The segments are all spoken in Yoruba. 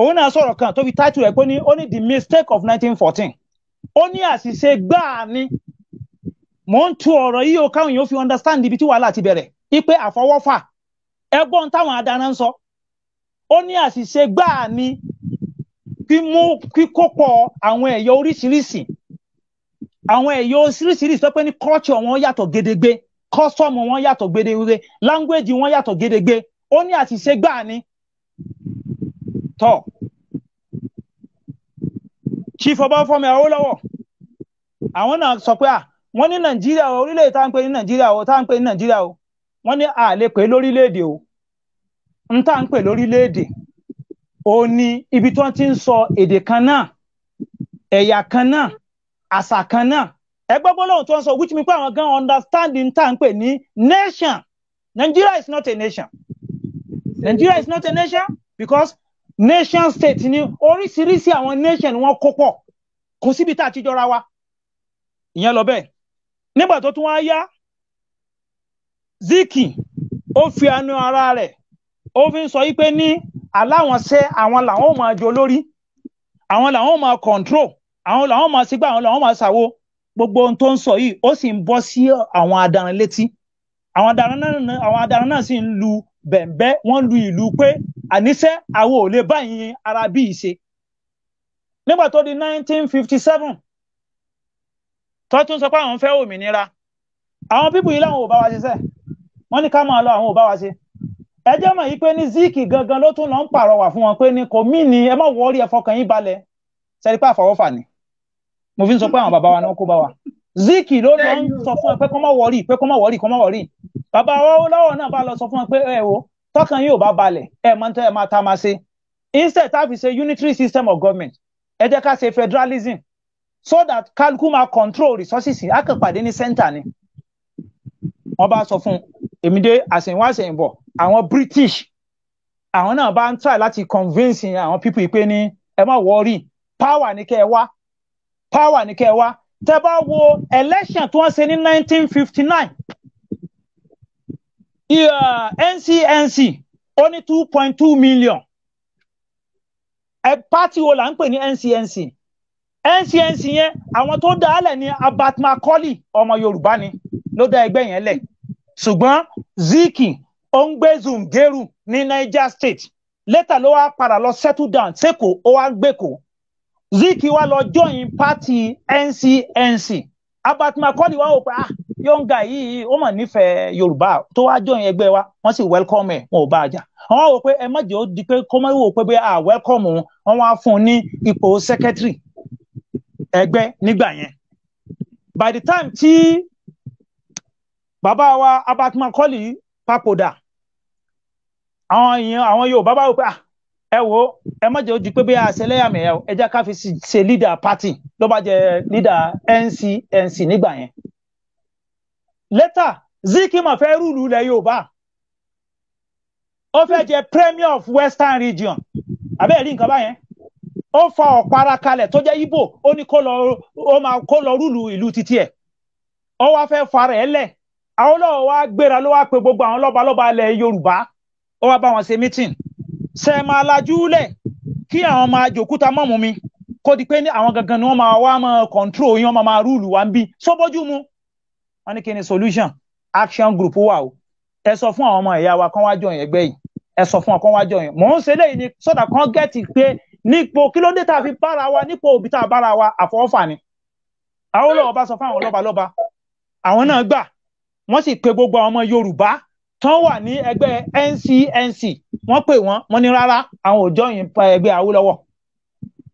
òun náà sọ̀rọ̀ kan tó fi title rẹ̀ pé ní ó ní the mistake of 1914 ó ní àṣìṣe gbáà ni mò ń tu ọ̀rọ̀ yìí o káwọn èèyàn fi understand ibi tí wàhálà ti bẹ̀rẹ̀ ipe àfọwọ́fà ẹgbọ́n táwọn adana ń sọ ó ní àṣìṣe gbáà ni kíkópọ̀ àwọn ẹ̀yà oríṣiríṣi àwọn ẹ̀yà oríṣiríṣi pé ní culture wọn yàtọ̀ gedegbe custom wọn yàtọ̀ gedegbe language wọn yàtọ̀ gedegbe ó ní àṣìṣe gbáà ni tọ́ chief ọbáfọmi awólọ́wọ̀ àwọn náà sọ pé à wọ́n ní nàìjíríà o orílẹ̀-èdè tá à ń pè ní nàìjíríà o tá à ń pè ní nàìjíríà o wọ́n ní à lórílẹ̀-èdè o n tá à ń pè lórílẹ̀-èdè ibi tí wọ́n ti ń sọ èdè kan náà ẹ̀yà kan náà àṣà kan náà ẹgbẹ́ tí wọ́n sọ which means pé àwọn gan understanding tá à ń pè ní nation Nigeria is not a nation Nigeria is not a nation because nation state ni oríṣiríṣi àwọn nation wọn kó pọ̀ kò síbi tá a ti jọra wa ìyẹn lọ bẹ́ẹ̀ nígbà tó tún wá yá Zik ó fi àánú ara rẹ̀ ó fi ń sọ yí pé ní aláwọn ṣe àwọn làwọn ò máa jọ lórí àwọn làwọn ò máa control àwọn làwọn ò máa sígbà àwọn làwọn ò máa ṣàwo gbogbo ohun tó ń sọ yìí ó sì ń bọ́ sí àwọn adarin létí àwọn adarin náà sì ń lu bẹ̀m̀bẹ́ wọ́n lu ìlú pé àníṣe àwọn ò lè báyìí ara bí i ṣe nígbà tó di 1957 tó tún sọ pé àwọn fẹ́ òmìnira àwọn bíbù yìí làwọn ò bá wa ṣiṣẹ́ wọ́n ní ká máa lọ àwọn ò bá wa ṣe ẹ jẹ́ mọ̀ yìí pé ní ziki gangan ló tún lọ ń pàrọwà fún wọn pé ní kò mí ni ẹ má wọrí ẹ fọkàn yín balẹ̀ sẹ́ni pé àfọwọ́fà ni mo fi ń sọ pé àwọn bàbá wa náà kó bá wa ziki ló lọ ń sọ fún ẹ pé kó má wọrí pé kó má wọrí kó má wọrí bàbá wa ó lọ́wọ́ náà bá lọ sọ fún ẹ pé ẹ wo tọkàn yóò bá balẹ̀ ẹ mọ tẹ ẹ máa ta máa ṣe instead tá a fi ṣe unitary system of government ẹ jẹ́ ká ṣe federalism so that kálukú máa control resources á kàn pàdé ní center ni wọ́n bá sọ fún èmi dé àṣẹ̀yìnwá àṣẹ̀yìnbọ̀ àwọn British àwọn náà bá ń try láti convince àwọn people pé ní ẹ má worry power ni kẹ́ ẹ wá power ni kẹ́ ẹ wá tẹ́ bá wo election tí wọ́n ṣe ní 1959 yeah, NCNC ó ní two point two million ẹ pátì wo là ń pè ní NCNC NCNC yẹn àwọn tó dá a lẹ̀ ní Abat Macaulay ọmọ Yorùbá ni ló dá ẹgbẹ́ yẹn lẹ̀ ṣùgbọ́n Zik ó ń gbé Zungeru ní Niger State lẹ́tà ló wá padà lọ settle down Seko ó wá gbé kó wá lọ join party NCNC Abat Macaulay wá wò pé ah yọǹga yìí ó mà nífẹ̀ẹ́ yorùbá tó wá jọyìn ẹgbẹ́ wa wọ́n sì wẹ́lkọ́mù ẹ̀ wọn ò bá a jà wọ́n wò pé ẹ má jẹ́ ó di pé kó má wò pé bí a wẹ́lkọ́mù wọn wá fún un ní ipò sẹ́kẹ́tìrì ẹgbẹ́ nígbà yẹn by the time tí bàbá wa Abat Macaulay papòdà àwọn èèyàn àwọn yorùbá bá wò pé ah, ẹ wò ẹ má jẹ́ ó di pé bí a ṣẹlẹ́yàmẹ̀yà ẹ já ká fi ṣe leader party ló bá jẹ́ leader NCNC nígbà yẹn ziki Zikima fẹ́ rúlu ilẹ̀ Yorùbá ó fẹ́ jẹ premier of western region abẹ́ẹ̀ rí nǹkan báyẹn ó fa ọ̀pára kalẹ̀ tó jẹ́ ó ní kó lọ ó máa kó lọ rúlu ìlú títí ẹ̀ ó wá fẹ́ fara àwọn ọlọ́wọ́ wa gbéra ló wá pe gbogbo àwọn lọ́balọ́ba ilẹ̀ Yorùbá ó wá bá wọn ṣe meeting máa kí àwọn máa jòkúta mi ní àwọn gangan ni wọ́n máa wá máa control yín wọ́n wọ́n ní kí ni solution action group wà o ẹ sọ fún àwọn ọmọ ìyá wa kán wá jọ yẹn gbẹ̀yìn ẹ sọ fún ọkàn wá jọ yẹn mò ń ṣe léyìí ni sọ́dà kan gẹ̀ẹ́tì pé nípò kí ló dé tá a fi bára wa nípò òbí tá a bára wa àfọwọ́fà ni àwọn olóòwò bá sọ fún àwọn lọ́ba lọ́ba àwọn náà gbà wọ́n sì pe gbogbo àwọn ọmọ Yorùbá tán wà ní ẹgbẹ́ NCNC wọ́n pè wọ́n wọ́n ní rárá àwọn òjọ́ yìí pa ẹgbẹ́ Awólọ́wọ̀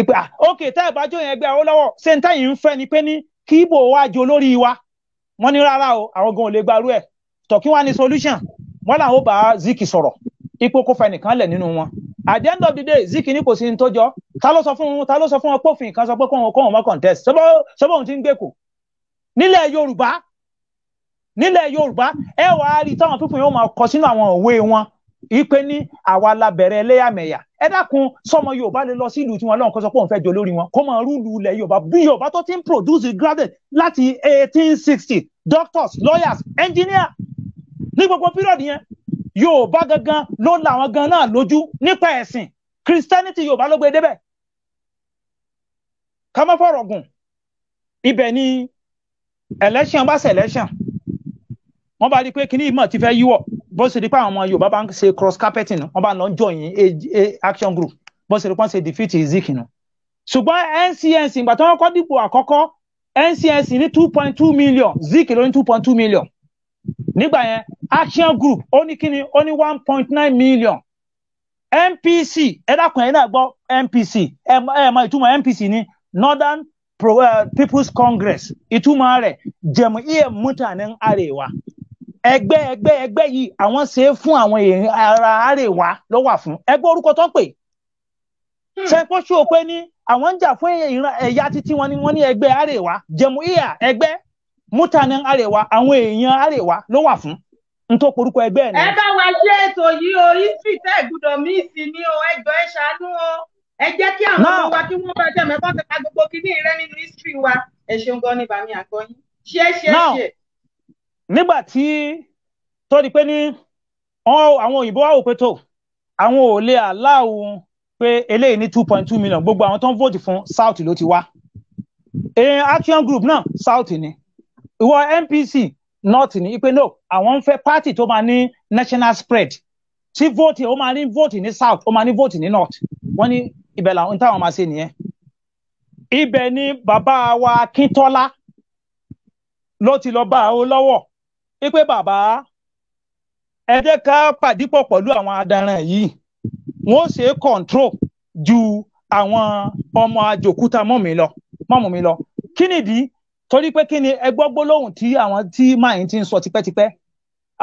ìpè à ókè tá ẹ̀ bá jọ yẹn ẹgbẹ́ Awólọ́wọ̀ ṣé ń tẹ̀yìn ń fẹ́ ni pé ní kí Ìgbò wá jọ lórí wa wọ́n ní rárá o àwọn gan ò lè gbarú ẹ̀ tọ̀kí wá ní solution wọ́n làwọn ò bá Zik sọ̀rọ̀ ipò kó fa ẹnìkan lẹ̀ nínú wọn at the end of the day Zik ní kò sí ní tó jọ ta ló sọ fún ta ló sọ fún wọn pófin kan sọ pé kóhun kóhun mọ́ contest sọ́bọ̀ òun ti ń gbé kò nílẹ̀ Yorùbá nílẹ̀ Yorùbá ẹ wàá rí táwọn pípọ̀ yóò máa kọ sínú àwọn òwe wọn ìpè ní àwa la bẹ̀rẹ̀ ẹlẹ́yàmẹ̀yà ẹ dákun sọmọ yorùbá lè lọ sí ìlú tiwọn lọ́hùn kó sọ pé òun fẹ́ jọ wọn kó máa rúlu ilẹ̀ yorùbá bí yorùbá tó ti ń produce graduate láti eighteen sixty doctors lawyers engineer ní gbogbo period yẹn yorùbá gangan ló la àwọn gan náà lójú nípa ẹ̀sìn christianity yorùbá ló gbé e débẹ̀ ká má fọ̀rọ̀ gùn ibẹ̀ ni election bá ṣe election wọ́n bá rí i pé kíní ìmọ̀ ti fẹ́ yíwọ̀ bó ṣe di pa àwọn ọmọ Yorùbá bá ń ṣe cross carpeting wọn bá ń lọ ń join action group bó ṣe di pé wọn ṣe defeat Zik nù ṣùgbọ́n NCNC ìgbà tí wọ́n kọ́ dípò àkọ́kọ́ NCNC ní two point two million Zik ló ní two point two million nígbà yẹn action group ó ní kíni ó ní one point nine million NPC ẹ dákun ẹ náà gbọ́ NPC ẹ ẹ mọ ìtumọ̀ NPC ní Northern Pro, eh, People's Congress ìtumọ̀ rẹ̀ jẹ̀mú iye mutanen arewa ẹgbẹ́ ẹgbẹ́ ẹgbẹ́ yìí àwọn ṣe é fún àwọn èèyàn ara àrèwá ló wà fún ẹgbẹ́ orúkọ tó ń pè ṣẹpọ ṣòpé ní àwọn ń jà fún ẹ̀yà títí wọn ni wọ́n ní ẹgbẹ́ àrèwá jẹmu ìyà ẹgbẹ́ mútàní àrèwá àwọn èèyàn ló wà fún n ẹ ẹ bá wa ṣe ètò yìí o tẹ mí sí ni o ẹ ṣàánú o ẹ jẹ kí àwọn ọmọ wa kí wọn bá jẹ gbogbo rẹ nínú history wa ẹ ṣeun gan ni bàmí nígbà tí tó di pé ní àwọn òyìnbó wà wò pé tó àwọn ò lè aláwo pé eléyìí ní two point two million gbogbo àwọn tó ń vóòtì fún south ló ti wá èèyàn action group náà south ni ìwọ npc north ni ipe no àwọn ń fẹ́ party tó máa ní national spread tí vóòtì ó máa ní vóòtì ní south ó máa ní vóòtì ní north wọ́n ní ibẹ̀ làwọn táwọn máa ṣe nìyẹn ibẹ̀ ni bàbá wa Akíntọ́lá ló ti lọ bá a lọ́wọ́ wípé bàbá ẹ jẹ́ ká pàdípọ̀ pẹ̀lú àwọn adaran yìí wọ́n ṣe control ju àwọn ọmọ àjòkúta mọ́ mi lọ mọ́ mi lọ kí nìdí torí pé kí ni ẹ gbọ́ gbólóhùn tí àwọn tí máyín ti ń sọ tipẹ́tipẹ́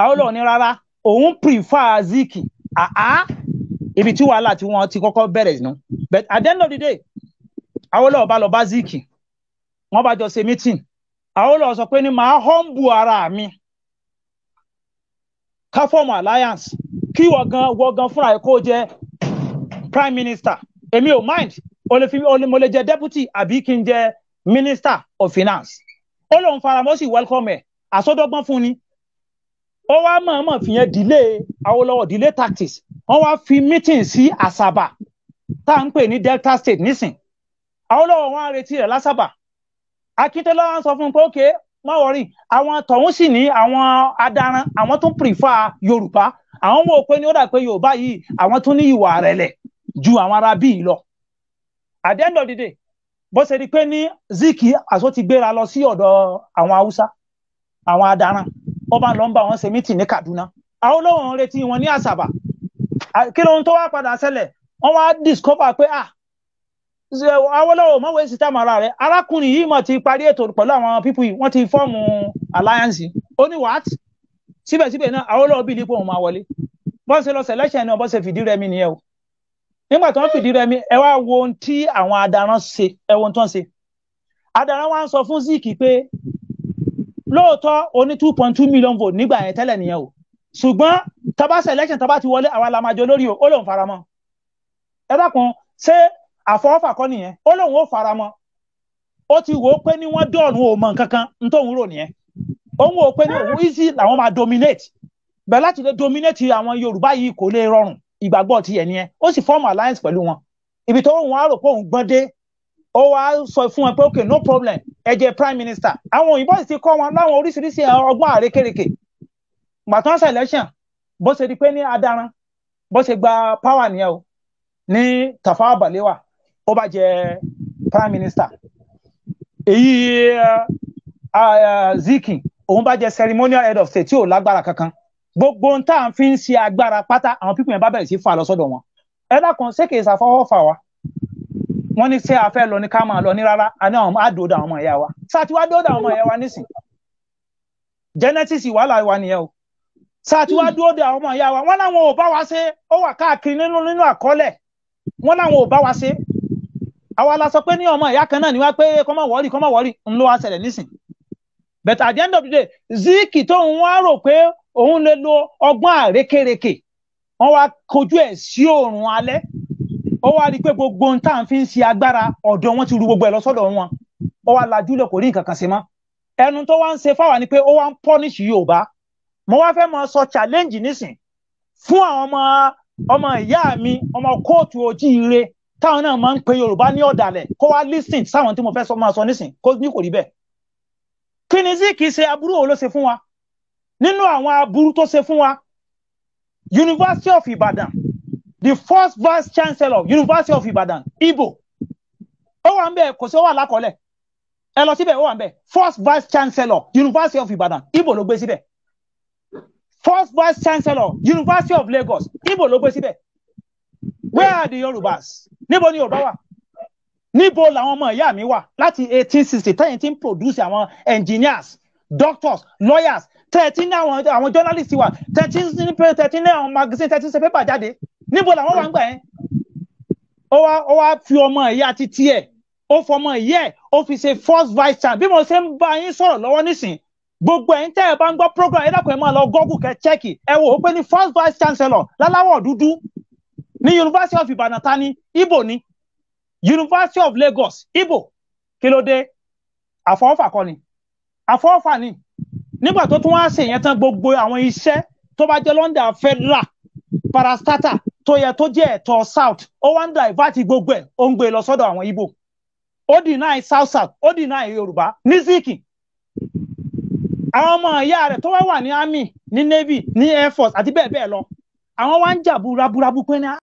àwọn lọ rárá òun prefer ziki àá ibi tí wàhálà tí wọ́n ti kọ́kọ́ bẹ̀rẹ̀ nù but at the end of the day àwọn lọ́ọ́ bá lọ bá ziki wọ́n bá jọ ṣe meeting àwọn lọ́ọ́ sọ pé ni màá humble ara mi ká fọ́ọ̀mù alliance kí wọ̀gán wọ̀gán fúnra ẹ̀ kó jẹ́ prime minister èmi ò mind mo lè jẹ́ deputy àbí kí n jẹ́ minister of finance ó lóun faramọ́ sí welcome ẹ̀ àsọdọ́gbọ́n fún ni ó wá mọ̀ọ́mọ̀ fìyẹn delay Awólọ́wọ̀ delay tactics wọ́n wá fi meeting sí asaba. tá à ń pè ní Delta State nísìn Awólọ́wọ̀ wọn á retí rẹ̀ lásàbà Akíntọ́lá wọn sọ fún un pé ókè má wọrí àwọn tọ̀hún sì ní àwọn adaran àwọn tó prefer yorùbá àwọn wò pé ní ó dà pé yorùbá yìí àwọn tó ní ìwà rẹ̀lẹ̀ ju àwọn ará bíi lọ at the end of the day bó ṣe rí pé ní Zik aṣọ ti gbéra lọ sí ọ̀dọ̀ àwọn haúsá àwọn adaran ọba ló ń bá wọn ṣe mítì ní Kaduna àwọn olóhùn retí wọn ní Àṣàbà kí lóhun tó wá padà ṣẹlẹ̀ wọ́n wá discover pé ah Awólọ́wọ̀ mọ̀wé sísítà mara rẹ̀ arákùnrin yìí mọ̀ ti parí ètò pẹ̀lú àwọn pípù yìí wọ́n ti fọ́ọ̀mù alliance ó ní what síbẹ̀síbẹ̀ náà Awólọ́wọ̀ bí nípò òun máa wọlé bọ́n lọ selection ni bọ́n fìdí rẹmi nìyẹn o nígbà tó ń fìdí rẹmi ẹ wá wo ohun tí àwọn adaran ṣe ẹ wo ohun tó ń ṣe adaran wa ń sọ fún Zik pé lóòótọ́ o two point two million vote nígbà yẹn tẹ́lẹ̀ nìyẹn o ṣùgbọ́n tá bá selection ti wọlé àwa la máa o ó lóun faramọ́ ẹ dákun ṣé afọwọfọ kọ́ nìyẹn ó lóun ó fara mọ́ ó ti wò ó pé ní wọ́n dọ̀ọ̀nù ò nkankan nǹkan kan ní tóun rò nìyẹn òun wò ó pé ní òun easy làwọn máa dominate láti àwọn Yorùbá yìí kò lè rọrùn ìgbàgbọ́ nìyẹn ó sì form alliance pẹ̀lú wọn wọn á rò pé òun gbọ́n dé ó sọ fún wọn ok no problem ẹ prime minister àwọn òyìnbó sì ti kọ́ wọn láwọn oríṣiríṣi ọgbọ́n bó ṣe di pé o ní ó bá jẹ prime minister èyí eh, ah, eh, Zik òun bá jẹ ceremonial head of state tí ò lágbára kankan gbogbo ohun tá à ń fi ń ṣe agbára pátá àwọn pípín yẹn bá bẹ̀rẹ̀ sí fà lọ sọ́dọ̀ wọn ẹ̀dá kan ṣé kìí ṣàfọwọ́ fà wá wọ́n ní ṣé a fẹ́ lọ ní ká máa lọ ní rárá a ní àwọn àdóòdà àwọn ọmọ ìyá wa sáàtì wá dóòdà àwọn ọmọ ìyá wa nísìn genesis wàhálà wa nìyẹn o sáàtì wá dóòdà àwọn ọmọ ìyá wa wọ́n láwọn ò bá wa ṣe ó wà káàkiri nínú nínú àkọọ́lẹ̀ wọ́n láwọn ò bá wa ṣe àwa la sọ pé ní ọmọ ìyá kan náà ni wá pé kọ́mọ wọ́ọ̀rì kọ́mọ wọ́ọ̀rì ń ló nísìn but at the end of the ziki tó ń wá rò pé òun lè lo ọgbọ́n àrékèrèkè wọ́n wá kojú ẹ̀ sí òòrùn alẹ́ ó wá rí i pé gbogbo ohun tá à ń fi ń wọn ti ru gbogbo ẹ̀ lọ sọ́dọ̀ wọn ó wá lajú kò rí nǹkan kan ṣe mọ́ ẹnu ni pé ó wá ń pọ́nìṣì yorùbá mo wá fẹ́ mọ sọ challenge nísìn táwọn náà máa ń pe yorùbá ní ọ̀dàlẹ̀ kó wá lísìn sáwọn tí mo fẹ́ sọ máa sọ nísìn kó ní kò rí bẹ́ẹ̀ kí ni zik ṣe aburú wo ló ṣe fún wa nínú àwọn aburú tó ṣe fún wa University of Ibadan the first vice chancellor University of Ibadan Ibo. ó wà ń bẹ kò sí ó wà lákọọ́lẹ̀ ẹ lọ síbẹ̀ ó wà ń bẹ first vice chancellor University of Ibadan Ibo. ló gbé síbẹ̀ first vice chancellor University of Lagos Ibo. ló gbé síbẹ̀ where are the Yorubas? níbo ni yorùbá wà níbo làwọn ọmọ ìyá mi wà láti eighteen sixty tẹ́yìn tí produce àwọn engineers doctors lawyers thirteen àwọn àwọn journalists wà thirteen thirteen àwọn magazine thirteen ṣe paper jáde níbo làwọn wà ń gbà yẹn ó wá ó wá fi ọmọ ìyá títí ẹ ó fọmọ ìyá ẹ ó fi ṣe first vice chair bí mo ṣe ń bá yín sọ̀rọ̀ lọ́wọ́ nísìn gbogbo ẹ̀yin tẹ́ ẹ bá ń gbọ́ program ẹ dákun ẹ máa lọ Google kẹ́ chẹ́kì ẹ wò ó pé ní first vice chancellor láláwọ̀ dúdú ní University of Ibadan Tani Ibo ni University of Lagos Ibo kí ló dé àfọwọ́fà kọ́ ni àfọwọ́fà ni nígbà tó tún wá ṣe yẹn tán gbogbo àwọn iṣẹ́ tó bá jẹ́ London federal parastata tó yẹ tó jẹ́ ẹ̀tọ́ south ó wá ń divert gbogbo ẹ̀ ó ń gbé e lọ àwọn Ibo ó deny south south ó deny Yorùbá ní Zik àwọn ọmọ ìyá rẹ̀ tó wá wà ní army ní navy ní air force àti bẹ́ẹ̀ bẹ́ẹ̀ lọ àwọn wá ń jà bu pé ní